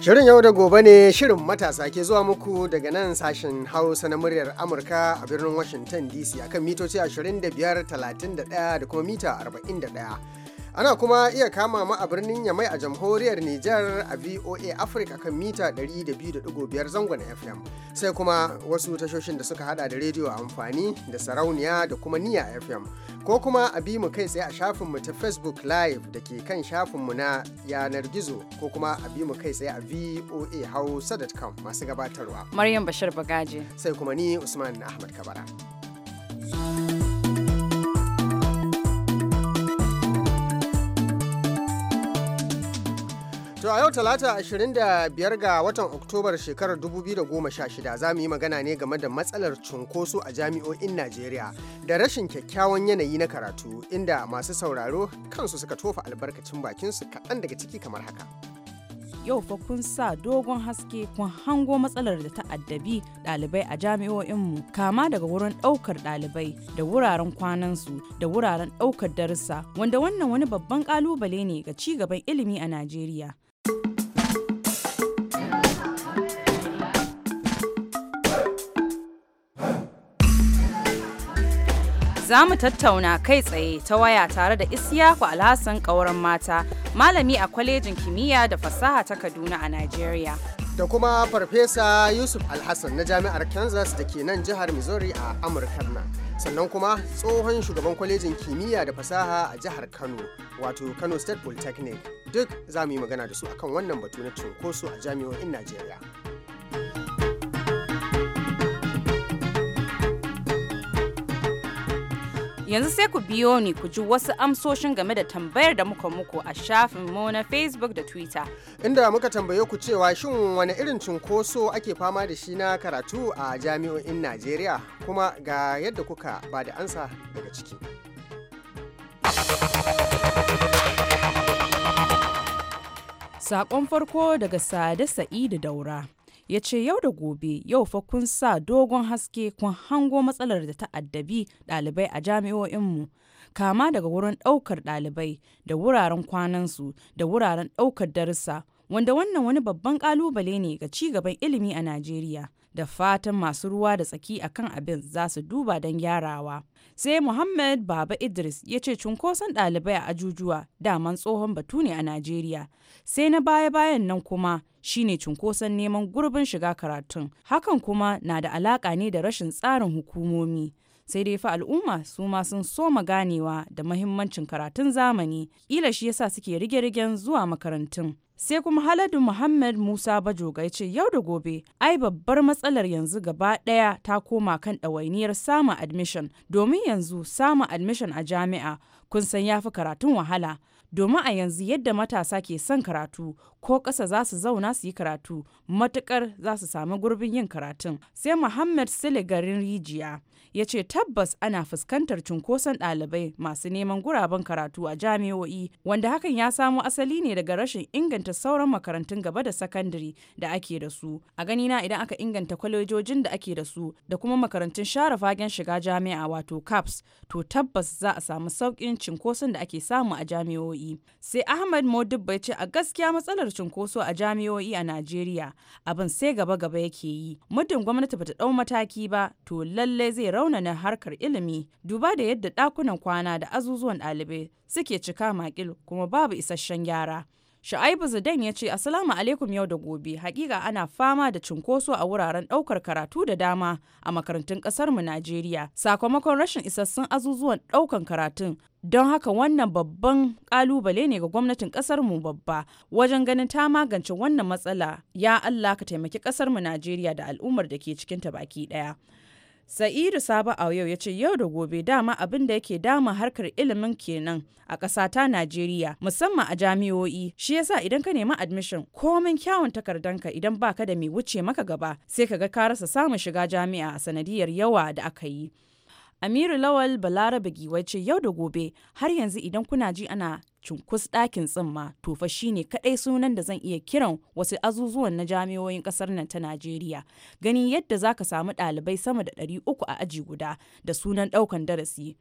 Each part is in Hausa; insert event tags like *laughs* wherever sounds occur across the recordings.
Shirin yau da gobe ne shirin matasa ke zuwa muku daga nan sashen Hausa na muryar Amurka a birnin Washington DC akan mitoci 25, 31 da kuma mita 41. Ana kuma iya kama mu a birnin Yamai a jamhuriyar Nijar a VOA Africa kan mita 200.5 zangon FM. Sai kuma wasu tashoshin da suka hada da rediyo amfani da sarauniya da kuma niya FM. Ko kuma a bi mu kai tsaye a shafin mu ta Facebook Live da ke kan shafin mu na yanar gizo ko kuma a bi mu kai tsaye a voa hausa.com masu gabatarwa. Maryam Bashir Bagaji. Sai kuma ni Usman Ahmad Kabara. To a yau talata 25 ga watan Oktobar shekarar 2016 za mu yi magana ne game da matsalar cunkoso a jami'o'in Najeriya da rashin kyakkyawan yanayi na karatu inda masu sauraro kansu suka tofa albarkacin bakinsu kaɗan daga ciki kamar haka. Yau fa kun sa dogon haske kun hango matsalar da ta addabi ɗalibai a jami'o'in mu kama daga wurin ɗaukar ɗalibai da wuraren kwanansu da wuraren ɗaukar darussa wanda wannan wani babban ƙalubale ne ga ci gaban ilimi a Najeriya. Za mu tattauna kai tsaye ta waya tare da Isiyaku Alhassan ƙauren mata, malami a kwalejin kimiyya da fasaha ta Kaduna a nigeria. Da kuma Farfesa Yusuf Alhassan na Jami'ar Kansas da ke nan jihar Missouri a Amurka nan. Sannan kuma tsohon shugaban kwalejin kimiyya da fasaha a jihar Kano, wato Kano State Polytechnic. Duk za mu yi magana da su akan wannan batu na cunkoso a jami'o'in Najeriya. Yanzu sai ku biyo ni ku ji wasu amsoshin game da tambayar da muka muku a shafin mu na Facebook da Twitter. Inda muka tambaye ku cewa shin wani irin cunkoso ake fama da shi na karatu a jami'o'in Najeriya kuma ga yadda kuka ba da ansa daga ciki. Sakon farko daga Sade Sa'idu Daura. ya ce yau da gobe yau fa kun sa dogon haske kun hango matsalar da ta addabi ɗalibai a jami'o'inmu kama daga wurin ɗaukar ɗalibai da wuraren kwanansu da wuraren ɗaukar darussa wanda wannan wani babban ƙalubale ne ga ci gaban ilimi a najeriya da fatan masu ruwa da tsaki a kan abin za su duba don gyarawa. Sai Muhammad Baba Idris ya ce cunkoson ɗalibai a ajujuwa daman tsohon batu ne a Najeriya. Sai na baya-bayan nan kuma shine cunkoson neman gurbin shiga karatun. Hakan kuma na da alaƙa ne da rashin tsarin hukumomi. sai dai fa al'umma su ma sun ma ganewa da mahimmancin karatun zamani ƙila shi yasa suke rige-rigen zuwa makarantun sai kuma haladu muhammad musa bajoga ce yau da gobe ai babbar matsalar yanzu gaba ɗaya ta koma kan ɗawainiyar samun admission domin yanzu samun admission a jami'a kun san ya fi karatun wahala domin a yanzu yadda matasa ke son karatu ko ƙasa za su zauna su yi karatu matuƙar za su sami gurbin yin karatun sai muhammad sile garin rijiya ya ce tabbas ana fuskantar cunkoson ɗalibai masu neman guraben karatu a jami'o'i wanda hakan ya samo asali ne daga rashin inganta sauran makarantun gaba da sakandare da ake da su a ganina idan aka inganta kwalejojin da ake da su da kuma makarantun share fagen shiga jami'a wato caps to tabbas za a samu saukin cunkoson da ake samu a jami'o'i sai ahmad modib ya ce a gaskiya matsalar cunkoso a jami'o'i a najeriya abin sai gaba-gaba yake yi muddin gwamnati bata ɗau mataki ba to lallai zai rauni raunana harkar ilimi duba da yadda dakunan kwana da azuzuwan ɗalibai suke cika makil kuma babu isasshen gyara. Sha'aibu Zidane ya ce Assalamu alaikum yau da gobe hakika ana fama da cunkoso a wuraren daukar karatu da dama a makarantun kasar mu Najeriya sakamakon rashin isassun azuzuwan daukan karatun don haka wannan babban kalubale ne ga gwamnatin kasar mu babba wajen ganin ta magance wannan matsala ya Allah ka taimaki kasar mu Najeriya da al'ummar da ke cikin ta baki daya. Sa'idu Sabo yau ya ce yau da gobe dama abin da yake dama harkar ilimin kenan a ƙasa ta Najeriya musamman a jami'o'i shi yasa idan ka nemi admission komin kyawun takardanka idan baka da mai wuce maka gaba sai ka ga ka rasa samun shiga jami'a a sanadiyar yawa da aka yi. Amiru Lawal Balarabe Giwai ce yau da gobe har yanzu idan kuna ji ana cunkus ɗakin tsimma to fa ne kaɗai sunan da zan iya kiran wasu azuzuwan na jami'oyin ƙasar nan ta Najeriya. Gani yadda za ka samu ɗalibai sama da ɗari uku a aji guda da sunan ɗaukan darasi.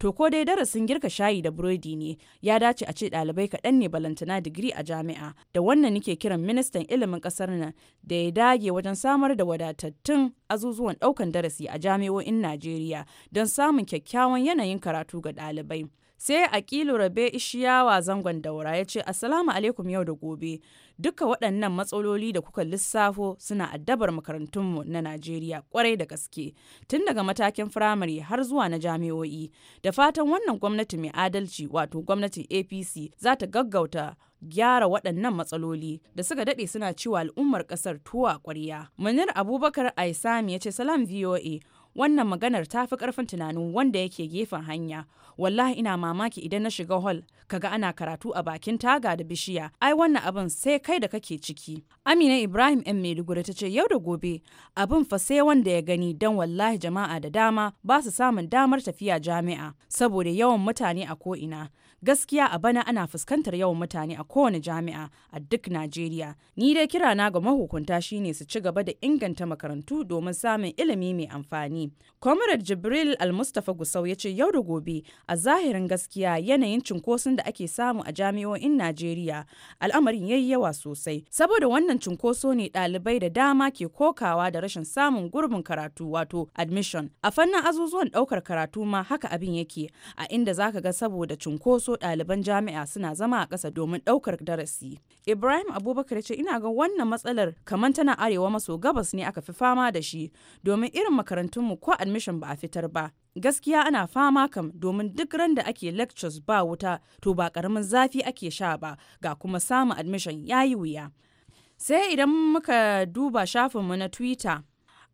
to ko dai darasin girka shayi da burodi ne ya dace a ce ɗalibai kaɗan ne balantana digiri a jami'a da wannan nike kiran ministan ilimin ƙasar nan da ya dage wajen samar da wadatattun azuzuwan ɗaukan darasi a jami'o'in najeriya don samun kyakkyawan yanayin karatu ga ɗalibai sai akilu rabe ishiyawa zangon daura ya ce assalamu alaikum yau da gobe Duka waɗannan matsaloli da kuka lissafo suna addabar makarantunmu na Najeriya kwarai da gaske tun daga matakin firamare har zuwa na jami'o'i. Da fatan wannan gwamnati mai adalci wato gwamnatin APC za ta gaggauta gyara waɗannan matsaloli da suka daɗe suna cewa al'ummar ƙasar tuwa ƙwarya. Munir Abubakar Aisami ya ce salam VOA wannan maganar ta fi karfin tunanin wanda yake gefen hanya wallahi ina mamaki idan na shiga hall kaga ana karatu a bakin taga da bishiya ai wannan abin sai kai da kake ciki amina ibrahim yan maiduguri ta ce yau da gobe abin fa sai wanda ya gani dan wallahi jama'a da dama ba su samun damar tafiya jami'a saboda yawan mutane a ko'ina gaskiya a bana ana fuskantar yawan mutane a kowane jami'a a duk najeriya ni dai kira na ga mahukunta shine su ci gaba da inganta makarantu domin samun ilimi mai amfani comrade jibril almustapha gusau ya ce yau da gobe a zahirin gaskiya yanayin cunkoson da ake samu a jami'o'in najeriya al'amarin yayi yawa sosai saboda wannan cunkoso ne ɗalibai da dama ke kokawa da rashin samun gurbin karatu wato admission a fannin azuzuwan ɗaukar karatu ma haka abin yake a inda zaka ga saboda cunkoso so ɗaliban jami'a suna zama a ƙasa domin ɗaukar darasi. Ibrahim Abubakar ce ina ga wannan matsalar kamar tana arewa maso gabas ne aka fi fama da shi domin irin makarantunmu ko admission ba a fitar ba. Gaskiya ana fama kam domin duk ran da ake lectures ba wuta to ba ƙaramin zafi ake sha ba ga kuma samun admission yayi wuya. Sai idan muka duba shafinmu na Twitter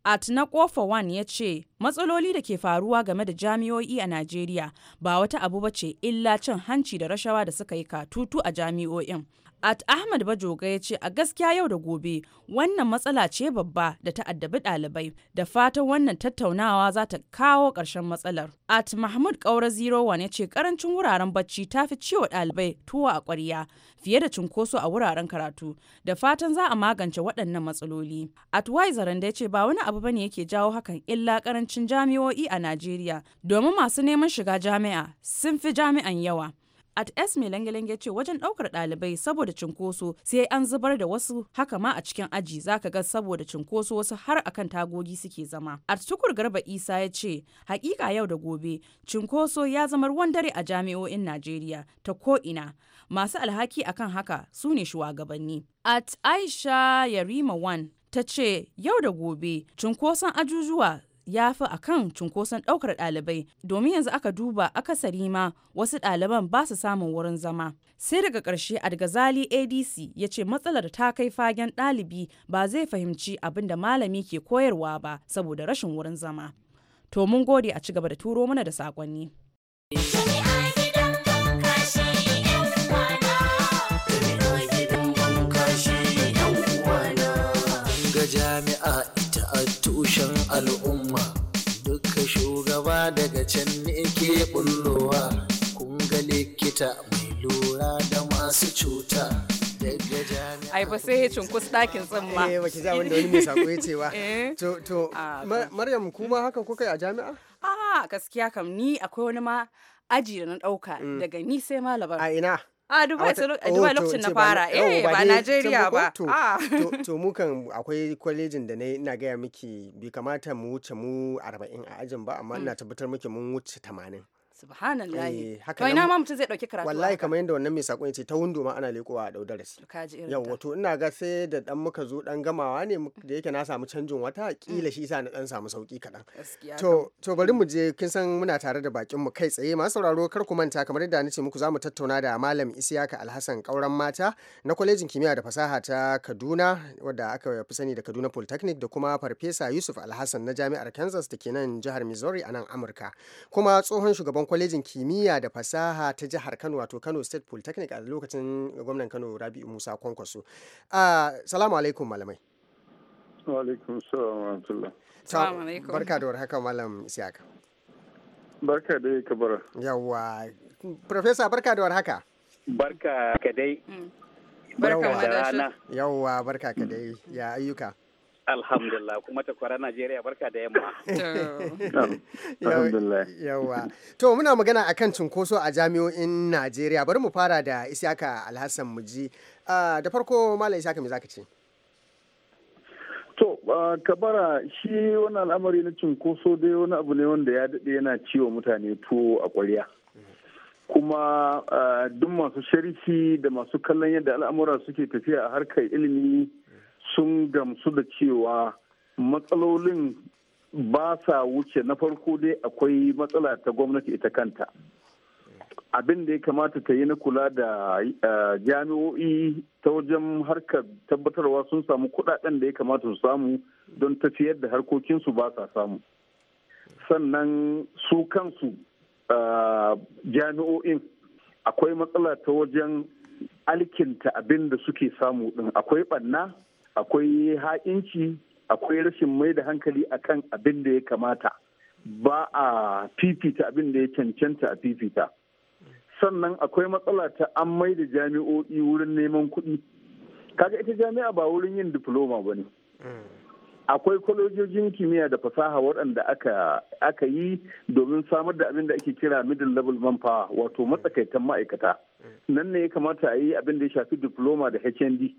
at na kofa ya ce matsaloli da ke faruwa game da jami'o'i a najeriya ba wata abu ba ce illa cin hanci da rashawa da suka yi katutu a jami'o'in At Ahmad Bajoga ya ce a gaskiya yau da gobe wannan matsala ce babba da ta addabi ɗalibai da fatan wannan tattaunawa za ta kawo ƙarshen matsalar. At Mahmud Kaura One ya ce karancin wuraren bacci ta fi ciwo ɗalibai tuwo a ƙwarya fiye da cunkoso a wuraren karatu da fatan za a magance waɗannan matsaloli. At Waizaran da ya ce ba wani abu bane yake jawo hakan illa karancin jami'o'i a Najeriya domin masu neman shiga jami'a sun fi jami'an yawa. at s mai lange-lange ce wajen ɗaukar ɗalibai saboda cinkoso sai an zubar da wasu haka ma a cikin aji zaka ga saboda cinkoso wasu har a kan tagogi suke zama at tukur garba isa ya ce hakika yau da gobe cinkoso ya zama ruwan dare a jami'o'in najeriya ta ko'ina masu alhaki akan haka su ne shugabanni at aisha yarima wan ta ce yau da gobe cinkoson ajujuwa ya fi a kan cunkoson ɗaukar ɗalibai domin yanzu aka duba akasari ma wasu ɗaliban ba su samun wurin zama. Sai daga ƙarshe Adgazali ADC ya ce matsalar ta kai fagen ɗalibi ba zai fahimci abin da malami ke koyarwa ba saboda rashin wurin zama. To mun gode a ci gaba da turo mana da saƙonni. tushen al'umma duka shugaba daga can ne ke bullowa kun ga likita mai lura da masu cuta ai eh, ba sai hecin cunkus ɗakin ma eh baki ja wanda wani mai sako ya cewa *laughs* eh. to to ah, maryam kuma haka ko kai a jami'a a ah, gaskiya kam ni akwai wani ma aji da na dauka mm. daga ni sai malabar a ina Ah, a Dubai oh, lokacin na fara oh, eh ba Najeriya ba. Ah. To mu kan akwai kwalejin da na ina gaya miki bai kamata mu wuce mu arba'in a ajin ba amma mm. ina tabbatar miki mun wuce tamanin. subhanallahi eh, to na ma mutum zai dauki karatu wallahi kamar yadda wannan mai sakon yace ta windo ma ana lekowa a dau darasi to ina ga sai da dan muka zo dan gamawa ne da yake na samu canjin wata kila mm. shi yasa na dan samu sauki kadan to to bari mu je kin san muna tare da bakin mu kai tsaye masu sauraro kar ku manta kamar yadda nace muku zamu tattauna da malam Isiyaka Alhassan Kauran Mata na kwalejin kimiyya da fasaha ta Kaduna wadda aka fi sani da Kaduna Polytechnic da kuma farfesa Yusuf Alhassan na Jami'ar Kansas da ke nan jihar Missouri a nan Amurka kuma tsohon shugaban kwalejin kimiyya da fasaha ta jihar Kano wato Kano State Polytechnic a lokacin gwamnan Kano rabi Musa Kwankwaso. Salamu alaikum malamai. salam alaikum. Barka da malam Barka da ka bara. Yawwa. Profesa barka da warhaka. Barka ka dai. Mm. Barka da rana. Yawwa barka ka dai. Ya ayyuka. Alhamdulillah kuma takwara Najeriya barka da yamma. Yawa. To muna magana akan cunkoso a jami'o'in Najeriya bari mu fara da Isiyaka Alhassan Muji. Ah, da farko Malam Isiyaka me zaka ce? To, ah, kabara shi wani al'amari na cunkoso dai wani abu ne wanda ya daɗe yana ciwo mutane tuwo a ƙwarya. Kuma ah, duk masu sharifi da masu kallon yadda al'amura suke tafiya a harkar ilimi sun gamsu da cewa matsalolin ba sa wuce na farko dai akwai matsala ta gwamnati ita kanta abin da ya kamata ta yi na kula da eh, jami'o'i ta wajen harkar tabbatarwa sun samu kudaden da ya kamata su samu don tafiyar da harkokinsu ba sa samu sannan su kansu eh, jami'o'in akwai matsala ta wajen alkinta abin da suke samu din akwai banna akwai ha'inci akwai rashin mai da hankali akan abin da ya kamata ba a fifita abin da ya cancanta a fifita sannan akwai matsala ta an mai da jami'o'i wurin neman kuɗi kaga ita jami'a ba wurin yin diploma ba ne akwai kwalojojin kimiyya da fasaha waɗanda aka yi domin samar da abin da ake kira middle level manpower wato matsakaitan ma'aikata nan ne ya kamata a yi abin da ya shafi diploma da hnd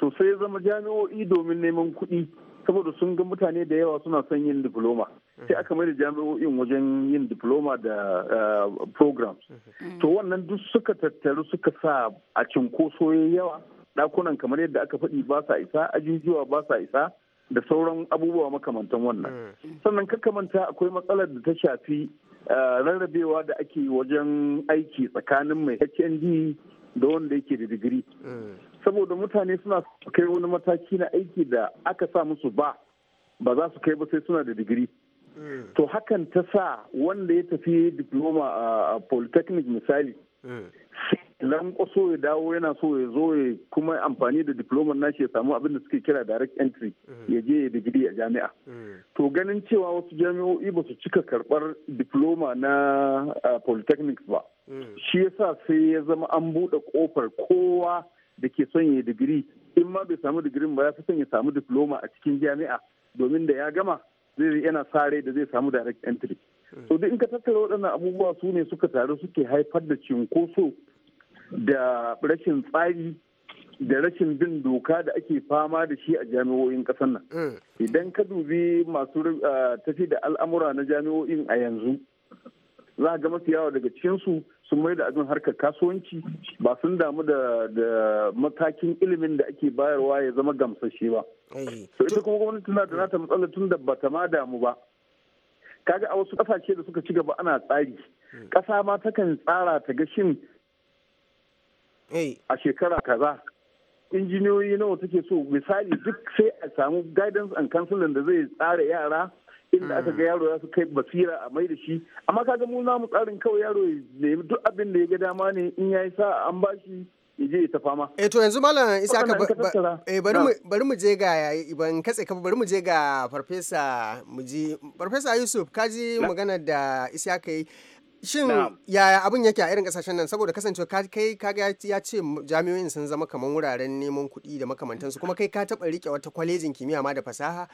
to sai zama jami'o'i domin neman kuɗi saboda sun ga mutane da yawa suna son yin diploma sai aka mai da jami'o'in wajen yin diploma da eh, programs mm-hmm. to wannan duk suka tattaru suka sa a cinkoso yawa ɗakunan kamar yadda aka faɗi ba sa isa ajujuwa ba sa isa da sauran abubuwa makamantan wannan mm. sannan manta akwai matsalar da ta shafi eh, rarrabewa da ake wajen aiki tsakanin mai hnd da wanda yake da digiri mm. saboda mutane suna kai wani mataki na aiki da aka sa musu ba ba za su kai ba sai suna da digiri mm. to hakan ta sa wanda ya tafi diploma a polytechnic misali mm. lankwaso ya dawo yana so ya zo ya kuma amfani da diploma nashi ya samu abin da suke kira direct entry mm. ya je ya digiri a jami'a to ganin cewa wasu jami'o'i ba su cika karbar diploma na polytechnic ba shi yasa sai ya zama an buɗe kofar kowa da ke son ya digiri in ma bai samu digirin ba ya fi son ya samu diploma a cikin jami'a domin da ya gama zai yana sare da zai samu direct entry so duk in ka tattara waɗannan abubuwa su ne suka taru suke haifar da cinkoso da rashin tsari da rashin bin doka da ake fama da shi a jami'o'in ƙasar nan mm. idan ka dubi masu eh, tafi da al'amura na jami'o'in a yanzu za a ga mafi yawa daga cikinsu sun mai da abin harkar kasuwanci ba sun damu da matakin ilimin da ake bayarwa ya zama gamsashe ba. So eh. ita kuma gwamnati na da nata matsala tun da ba ta ma damu ba. Kaga a wasu kasashe da suka ci gaba ana tsari. Hmm. Ƙasa ma takan tsara ta ga shin eh. a shekara kaza. Injiniyoyi nawa take so misali duk sai a samu guidance and counseling da zai tsara yara inda aka ga yaro ya su kai basira a mai da shi amma kaga mu namu tsarin kawai yaro ya nemi duk abin da ya ga dama ne in ya yi sa an bashi je ya tafama. E eh, to yanzu malam isa aka eh, bari mu je ga ban katse ka bari mu je ga farfesa mu ji farfesa Yusuf kaji magana da isa aka yi Shin yaya abin yake a irin kasashen nan saboda kasancewa kai kaga ya ce jami'o'in sun zama kamar wuraren neman kuɗi da makamantansu kuma kai ka taɓa rike wata kwalejin kimiyya ma da fasaha.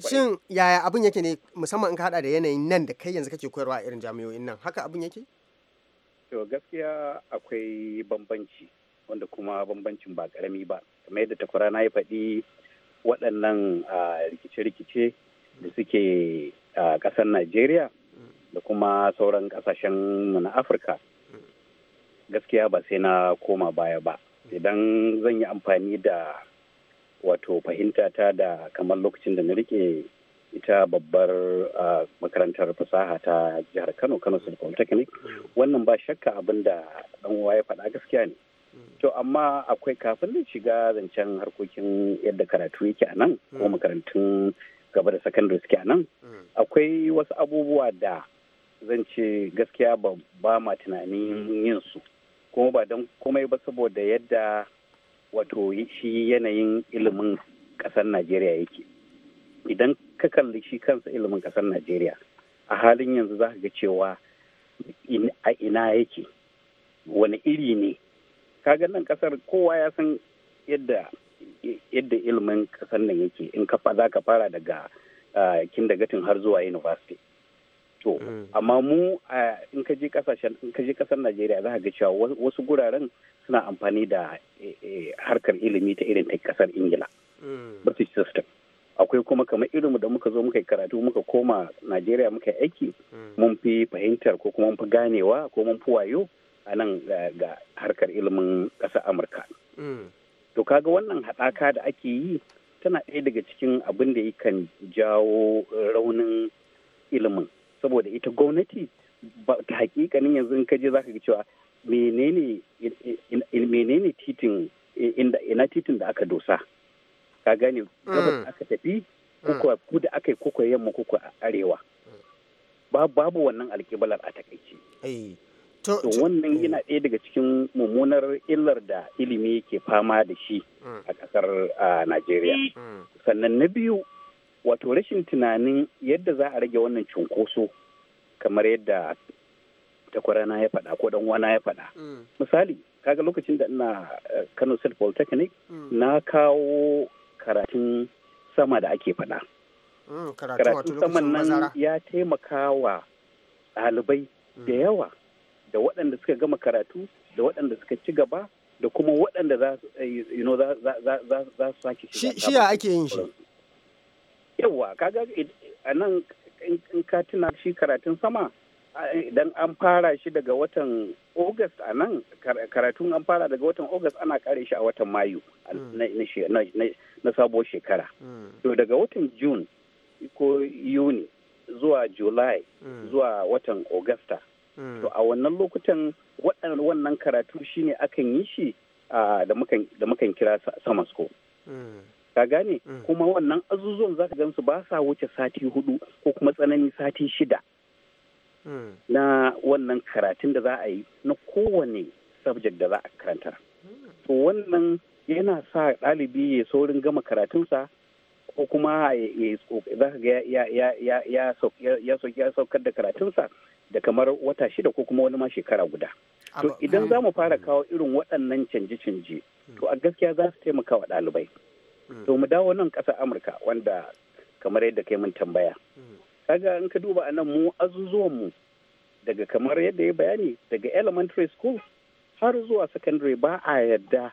Shin yaya abin yake ne musamman in ka haɗa da yanayin nan da kai yanzu kake koyarwa a irin jami'o'in nan haka abin yake? To gaskiya akwai bambanci wanda kuma bambancin ba karami ba kamar yadda takwara na yi faɗi waɗannan ah, rikice-rikice da suke a ah, ƙasar Najeriya da kuma sauran kasashen mu na afirka gaskiya ba sai na koma baya ba idan zan yi amfani da wato fahimta ta da kamar lokacin da na rike ita babbar makarantar fasaha ta jihar kano kano state polytechnic wannan ba shakka abin da dan uwa ya faɗa gaskiya ne to amma akwai kafin da shiga zancen harkokin yadda karatu yake a nan ko makarantun gaba da sakandare suke a nan akwai wasu abubuwa da zan ce gaskiya ba ba ma tunanin yin su kuma ba don komai ba saboda yadda wato shi yanayin ilimin kasar najeriya yake idan ka kalli shi kansa ilimin ƙasar najeriya a halin yanzu za ka ga cewa a ina yake wani iri ne ka nan kasar kowa ya san yadda yadda ilimin kasar nan yake in ka za ka fara daga ah, kindagatin har zuwa university to mm. amma mu in ka je kasashen in ka je kasar Najeriya za ka ga cewa wasu guraren suna amfani da e, e, harkar ilimi ta irin ta kasar Ingila mm. British system akwai kuma kamar irinmu da muka zo muka yi karatu muka koma Najeriya muka yi aiki mm. mun fi fahimtar ko kuma mun fi ganewa ko mun fi wayo a nan ga harkar ilimin ƙasar Amurka to kaga wannan haɗaka da ake yi tana ɗaya daga cikin abin da yakan jawo raunin ilimin saboda ita gwamnati ta hakikanin yanzu in kaje zaka ga cewa menene menene titin ina titin da aka dosa ka gane mm. gabas aka tafi ku da mm. aka yi kuka yamma a arewa babu wannan alkibalar a takaice eh, to wannan yana mm. ɗaya daga cikin mummunar illar da ilimi ke fama da shi a ƙasar najeriya sannan na biyu wato rashin tunanin yadda za a rage wannan cunkoso kamar yadda takwarana ya faɗa ko dan wana ya faɗa mm. misali kaga lokacin da ina eh, kano state polytechnic mm. na kawo karatun sama da ake faɗa mm, karatun saman nan ya taimaka wa ɗalibai da yawa da waɗanda suka gama karatu da waɗanda suka ci gaba da kuma waɗanda za su eh, sake shi ya ake yin shi yawa kaga a nan in ka tuna shi karatun sama idan an fara shi daga watan august a nan karatun an fara daga watan august ana kare shi a watan mayu hmm. na sabuwar shekara hmm. to daga watan june ko yuni zuwa july hmm. zuwa watan augusta to a wannan lokutan wannan karatu shine akan yi shi da mukan kira summer school ka gane mm. kuma wannan azuzuwan zaka gansu ba sa wuce sati hudu ko kuma tsanani sati shida mm. na wannan karatun da za a yi na kowane subject da za a karanta to wannan yana sa ɗalibi ya saurin gama karatunsa ko kuma za ka ga ya saukar da karatunsa da kamar wata shida ko kuma wani ma shekara guda. To idan mm. za mu fara kawo irin waɗannan canje-canje, to a gaskiya za su taimaka wa ɗalibai. Mm. to mu dawo nan ƙasar amurka wanda kamar yadda kai mun tambaya mm. kaga in ka duba anan mu azuzuwan mu daga kamar yadda ya bayani daga elementary school har zuwa secondary ba a yadda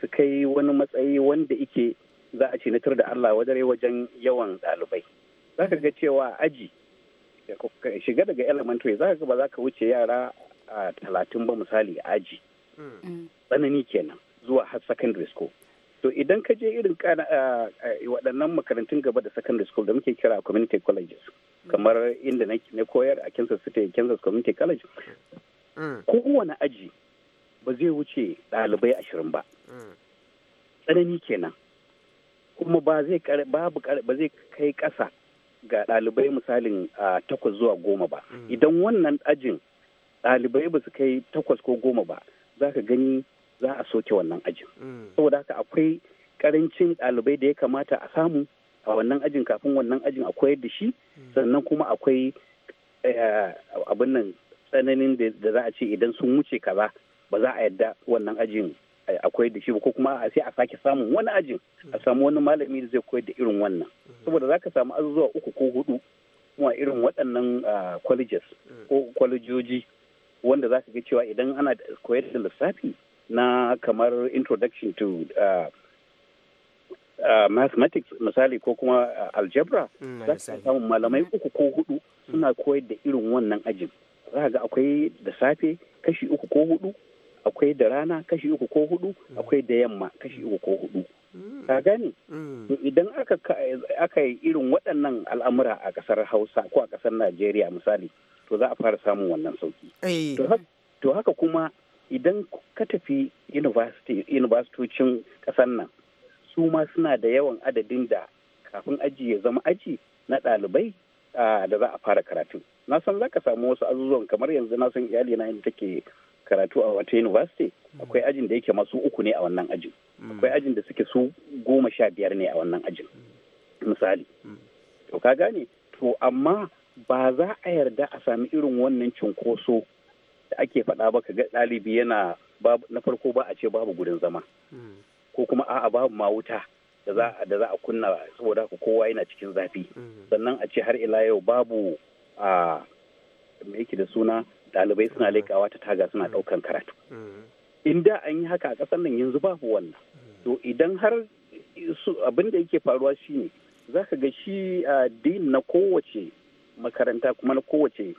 su kai wani matsayi wanda ike za a ce na da Allah wadare wajen yawan ɗalibai za ka ga cewa aji shiga daga elementary za ka ba za ka wuce yara a talatin ba misali aji mm. tsanani kenan zuwa har secondary school so idan ka je irin kana waɗannan makarantun gaba da secondary school da muke kira community colleges kamar inda na koyar a kansas city kansas community college mm. kowane aji ba zai wuce ɗalibai ashirin ba mm. tsanani kenan kuma ba zai kai ƙasa ga ɗalibai misalin takwas zuwa goma ba mm. idan wannan ajin ɗalibai ba su kai takwas ko goma ba za ka gani za a soke wannan ajin mm. saboda haka akwai karancin ɗalibai da ya kamata a samu a wannan ajin kafin wannan ajin a koyar da shi mm. sannan kuma akwai eh, abin nan tsananin da za a ce idan sun wuce kaza ba za a yadda wannan ajin a da shi ba ko kuma a sai a sake samun wani ajin a samu wani malami da zai koyar da irin wannan mm. saboda za ka samu azuzuwa uku ko hudu kuma irin waɗannan ah, colleges ko kwalejoji wanda za ka ga cewa idan ana koyar da lissafi na kamar introduction to uh, uh, mathematics misali ko kuma uh, algebra mm, za ka samu malamai mm. uku ko hudu suna mm. koyar da irin wannan ajin za ga akwai da safe kashi uku ko hudu akwai da rana kashi uku ko hudu akwai da yamma kashi uku ko hudu ka gani idan aka yi irin waɗannan al'amura a ƙasar hausa ko a ƙasar najeriya misali to za a fara samun wannan sauki eh. to haka kuma idan ka tafi yunivastocin kasar nan su ma suna da yawan adadin da kafin aji ya zama aji na ɗalibai da za a fara karatu na san za ka samu wasu azuzuwan kamar yanzu na san iyali na inda take karatu a wata university akwai ajin da yake masu uku ne a wannan ajin akwai ajin da suke su goma sha biyar ne a wannan ajin misali to ka gane to amma ba za a yarda a sami irin wannan cunkoso da ake faɗa ba ga ɗalibi yana na farko ba a ce babu gudun zama hmm. ko kuma a'a babu mawuta wuta hmm. da za a kunna saboda haka kowa yana cikin zafi hmm. sannan a ce har ila yau babu a yake da suna ɗalibai suna laikawa ta taga suna ɗaukan karatu in da an yi haka a ƙasar nan yanzu babu wannan to idan har abin da yake faruwa shine za ka ga shi din na kowace makaranta kuma na kowace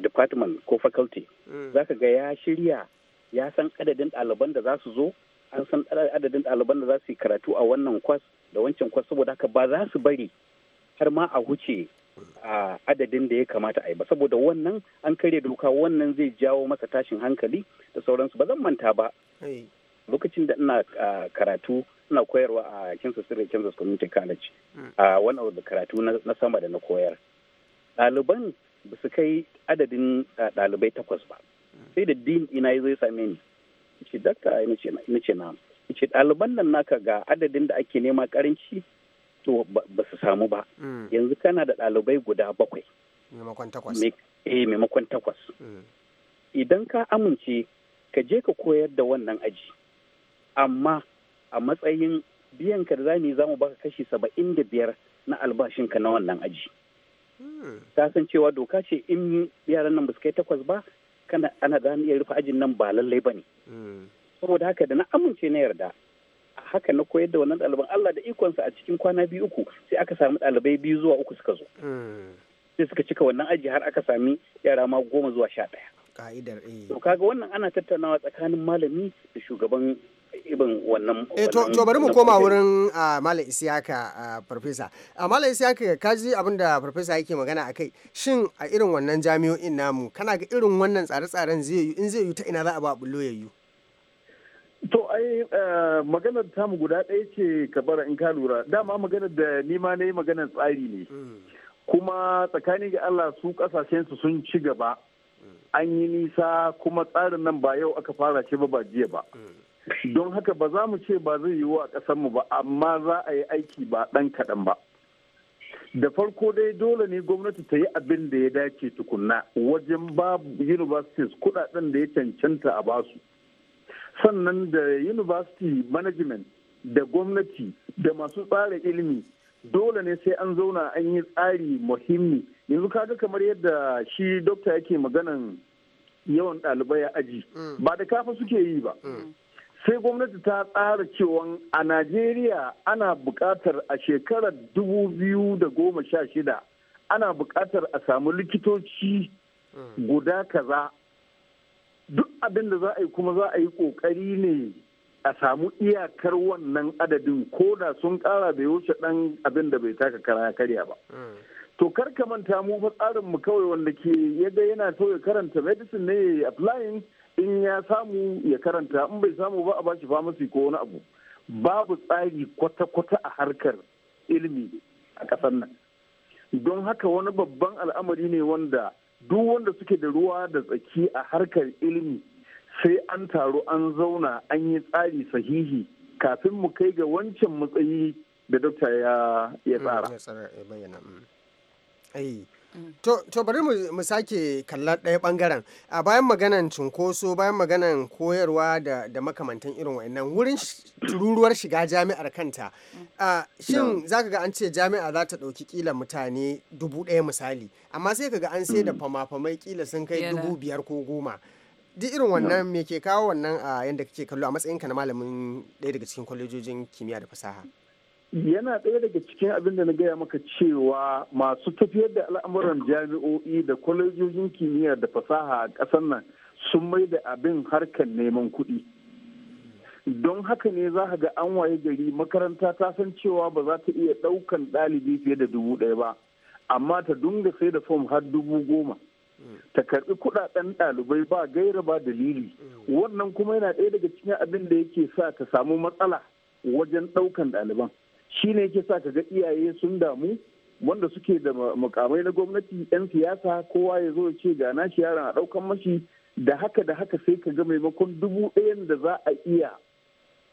department ko faculty mm. za ka ga ya shirya ya san adadin ɗaliban da za su zo an san adadin ɗaliban da za su yi karatu a wannan kwas da wancan kwas saboda haka ba za su bari har ma a huce a adadin da ya kamata a yi ba saboda wannan an karya doka wannan zai jawo masa tashin hankali da sauransu ba zan manta ba lokacin da ina karatu ina koyarwa a Kansas City Kansas Community College mm. a one karatu na sama da na koyar ɗaliban ba su kai adadin eh, ɗalibai takwas ba sai da din ina ya zai same ni ce dakta ina ce na ce ɗaliban nan naka ga adadin da ake nema karanci to ba su samu ba hmm. yanzu kana da ɗalibai guda bakwai maimakon takwas eh maimakon takwas hmm. idan ka amince ka je ka koyar da wannan aji amma a matsayin biyan ka da za mu baka kashi saba'in da biyar na albashinka na wannan aji. ta san cewa doka ce in yaran nan ba su kai takwas ba kana ana da iya rufe ajin nan ba lallai ba ne saboda haka da na amince na yarda haka na koyar da wannan ɗaliban Allah da ikonsa a cikin kwana biyu uku sai aka samu ɗalibai biyu zuwa uku suka zo sai suka cika wannan aji har aka sami yara ma goma zuwa sha ɗaya ka'idar eh to kaga wannan ana tattaunawa tsakanin malami da shugaban ibin wannan eh to bari mu koma wurin ah, malam isiyaka farfesa ah, ah, malam isiyaka ka ji abin da farfesa yake magana akai shin a irin wannan jami'o'in namu kana ga irin wannan tsare-tsaren zai yi in zai yi ta ina za a ba bullo ya yi to ai maganar tamu guda ɗaya ce ka bara in ka lura dama maganar da nima na yi maganar tsari ne mm. kuma tsakanin ga Allah su kasashen su sun ci gaba mm. an yi nisa kuma tsarin nan ba yau aka fara ce ba ba jiya ba mm. don haka ba za mu ce ba zai yiwu a ƙasarmu ba amma za a yi aiki ba ɗan kaɗan ba da farko dai dole ne gwamnati ta yi abin da ya dace tukunna wajen ba universities kuɗaɗen da ya cancanta a basu sannan da university management da gwamnati da masu tsara ilimi dole ne sai an zauna an yi tsari muhimmi yanzu kaga kamar yadda shi dokta yake maganan yawan ɗalibai a aji mm. ba da kafa suke yi ba mm. sai gwamnati ta tsara cewa a najeriya ana bukatar a shekarar da goma sha shida ana bukatar a samu likitoci hmm. guda kaza duk abin da za a yi kuma za a yi ƙoƙari ne a samu iyakar wannan adadin ko da sun kara bai wuce ɗan abin da bai taka kara karya ba hmm. to karka manta mu fa tsarin mu kawai wanda ke yaga yana so karanta medicine ne applying in ya samu ya karanta in bai samu ba a bashi famasi ko wani abu babu tsari kwata-kwata a harkar ilimi a ƙasar nan don haka wani babban al'amari ne wanda duk wanda suke da ruwa da tsaki a harkar ilimi sai an taru an zauna an yi tsari sahihi kafin mu kai ga wancan matsayi da dokta ya tsara. Mm, mm. To bari mu sake kallar ɗaya ɓangaren. A bayan maganan cunkoso bayan maganan koyarwa da makamantan irin wa'annan wurin tururuwar shiga jami'ar kanta. Shin za ka ga an ce jami'a za ta ɗauki kila mutane dubu ɗaya misali. Amma sai ka ga an sai da mm. fama-famai kila sun kai dubu biyar ko goma. duk irin wannan me ke kawo wannan a yadda kake kallo a matsayinka na malamin ɗaya daga cikin kwalejojin kimiyya da fasaha yana ɗaya daga cikin abin da na gaya maka cewa masu tafiyar da al'amuran jami'o'i da kwalejojin kimiyya da fasaha a ƙasar nan sun mai da abin harkar neman kuɗi don haka ne za ga an waye gari makaranta ta san cewa ba za ta iya ɗaukan ɗalibi fiye da dubu ɗaya ba amma ta dunga sai da fom har dubu goma ta karɓi kuɗaɗen ɗalibai ba gaira ba dalili wannan kuma yana ɗaya daga cikin abin da yake sa ta samu matsala wajen ɗaukan ɗaliban. shi ne ke sa ga iyaye sun damu wanda suke da mukamai na gwamnati 'yan siyasa kowa ya zo ya ce ga nashi yaron a ɗaukan mashi da haka da haka sai ka ga maimakon dubu ɗayan da za a iya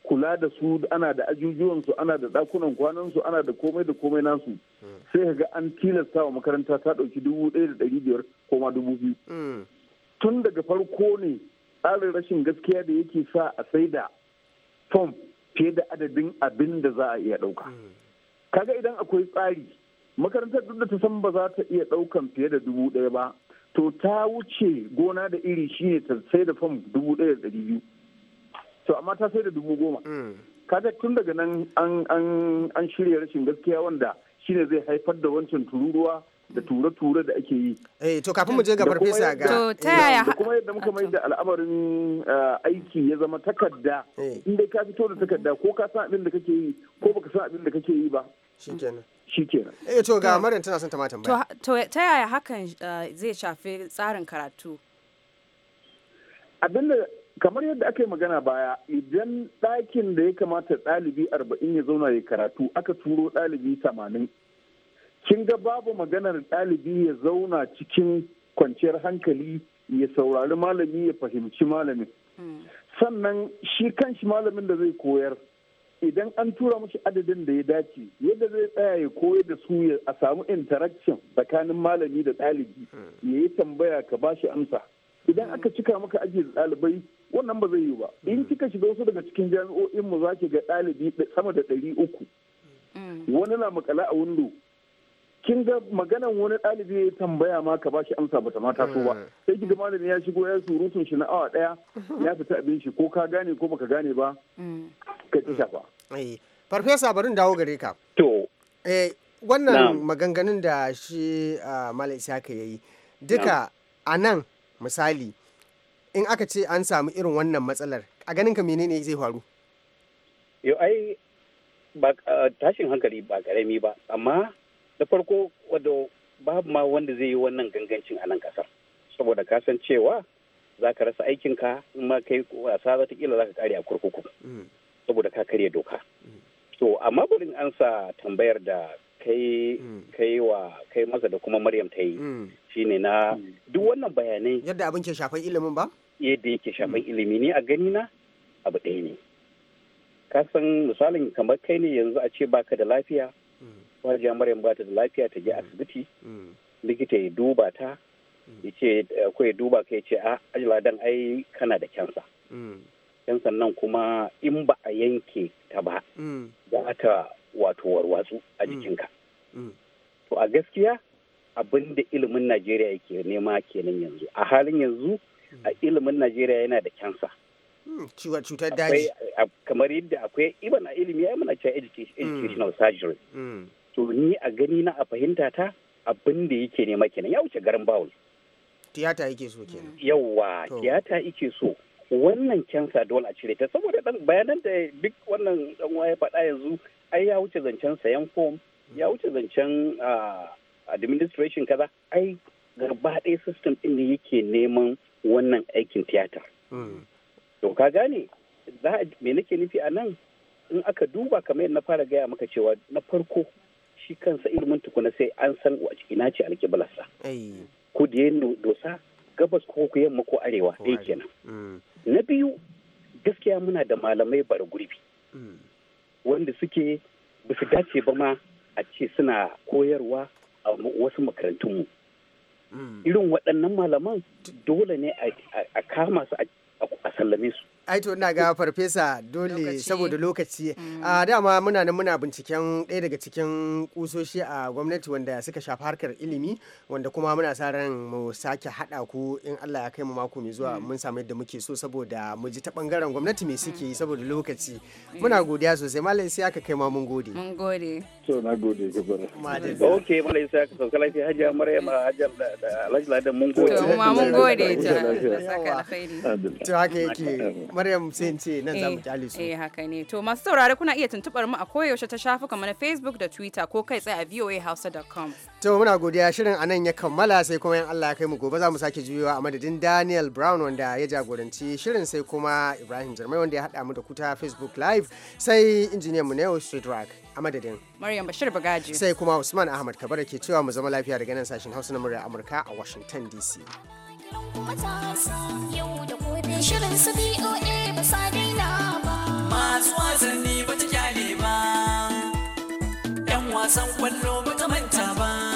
kula da su ana da ajujuwansu ana da ɗakunan kwanansu ana da komai da komai nasu sai ka ga an tilasta wa makaranta ta ɗauki dubu ɗaya da ɗari biyar ko ma dubu biyu tun daga farko ne tsarin rashin gaskiya da yake sa a saida fom fiye da adadin abin da za a iya ɗauka. Hmm. Kaga idan akwai tsari, makarantar duk da ta san ba za ta iya ɗaukan fiye da dubu ɗaya ba, to ta wuce gona da iri shine ta sai da fam dubu ɗaya da ɗari biyu. To amma ta sai da dubu goma. Hmm. Kaga tun daga nan an shirya rashin gaskiya wanda shine zai haifar da wancan tururuwa da ture-ture da ake yi. Eh to kafin mu je ga farfesa ga. To ta yaya da kuma yadda muka mai da al'amarin eh, aiki ya zama takarda eh. in dai ka fito da takarda ko ka san abin da kake yi ko baka san abin da kake yi ba. Shikenan. Shikenan. Eh to ga Maryam tana son ta mata tambaya. To ta yaya hakan eh, zai shafi tsarin karatu? Abin da kamar yadda aka yi magana baya idan ɗakin da ya kamata ɗalibi arba'in ya zauna ya karatu aka turo ɗalibi tamanin kin ga babu maganar ɗalibi ya zauna cikin kwanciyar hankali ya saurari malami ya fahimci malamin hmm. sannan shi kan shi malamin da zai koyar idan an tura mashi adadin da ya dace yadda zai tsaya ya koyar da su ya a samu interaction tsakanin malami da ɗalibi hmm. ya yi tambaya ka ba shi amsa idan aka hmm. cika maka aji da ɗalibai wannan ba zai yi ba in kika shiga wasu daga cikin jami'o'in mu za ki ga ɗalibi sama da ɗari uku wani na makala a windo kin ga maganan wani ɗalibi ya tambaya ma ka bashi amsa bata ma taso ba eh. sai ki ga malami ya shigo ya surutun shi na awa ɗaya mhm. ya fita abin shi ko ka gane ko baka gane ba mm. ka ci shafa eh. farfesa barin dawo gare ka to eh wannan maganganun da shi ah, malam ka yayi duka a nan misali in aka ce an samu irin wannan matsalar a ganin ka menene zai faru yo ai ah, tashin hankali ba karami ba amma da farko wadda babu ma wanda zai yi wannan gangancin a nan kasar saboda kasan cewa za ka rasa aikinka in ma kai wasa za ta kila za ka kare a kurkuku mm. saboda ka karya doka mm. to amma burin sa tambayar da kai mm. kai wa kai masa da kuma maryam ta yi shine na duk wannan bayanai yadda abin ke shafan ilimin ba yadda yake shafan ilimi ne a gani na abu ɗaya ne ka san misalin kamar kai ne yanzu a ce baka da lafiya Wajen maryam ba ta da lafiya ta je mm. asibiti mm. likita ya duba ta mm. ya ce eh, ko ya duba ka ya ce a ah, ajila dan ai kana da kyansa kyansan nan kuma in ba a yanke ta ba za ta wato warwatsu a jikinka to a gaskiya abin da ilimin najeriya yake nema kenan yanzu a halin yanzu a ilimin najeriya yana da kyansa cutar daji kamar yadda akwai iban a ilimi ya muna cewa educational surgery to ni a gani na a fahimta ta abin da yake nema kenan ya wuce garin bawul tiyata yake so kenan yawa tiyata yake so wannan kyansa dole a cire ta saboda dan bayanan da duk wannan dan waye faɗa yanzu ai ya wuce zancen sayan form ya wuce zancen administration kaza ai gaba ɗaya system ɗin da yake neman wannan aikin tiyata. Hmm. To ka gane me nake nufi a nan in aka duba kamar yadda na fara gaya maka cewa na farko shi kansa ilimin tukuna sai an san a ciki na ce alƙiblarsa ku da dosa gabas ko ku yamma ko arewa ɗaya kenan mm. na biyu gaskiya muna da malamai bara gurbi mm. wanda suke ba su dace ba ma a ce suna koyarwa a wasu makarantunmu mm. irin waɗannan malaman dole ne a kama su a sallame su aito ina ga farfesa dole saboda lokaci mm. a ah, dama muna nan muna binciken ɗaya daga cikin kusoshi a gwamnati wanda suka shafi harkar ilimi wanda kuma muna sa ran mu sake haɗa ku in Allah ya kai mu mako mai zuwa mm. mun samu yadda muke so saboda mu ji ta bangaren gwamnati mai suke yi mm. saboda lokaci muna godiya sosai malam sai aka kai ma mun gode mun gode to na gode gabara okay malam sai aka sauka lafiya hajiya maryama hajiya alhaji ladan mun gode to ma mun gode ta saka alkhairi to haka yake Maryam sai ce nan za mu eh, kyale Eh haka ne. To masu saurare kuna iya tuntubar mu a koyaushe ta shafuka mu na Facebook da Twitter ko kai tsaye a voahausa.com. To muna godiya shirin a nan ya kammala sai kuma yan Allah ya kai mu gobe za mu sake juyowa a madadin Daniel Brown wanda ya jagoranci shirin sai kuma Ibrahim Jarmai wanda ya haɗa mu da kuta Facebook Live sai injiniyan mu Neo Sidrak a madadin. Maryam Bashir Bagaji. Sai kuma Usman Ahmad Kabara ke cewa mu zama lafiya daga nan sashen Hausa na murya Amurka a Washington DC. Yau da gobe shirin su BOA ba sa daina ba. Masu wasanni ba ta kyale ba, 'yan wasan kwallo ba ta manta ba.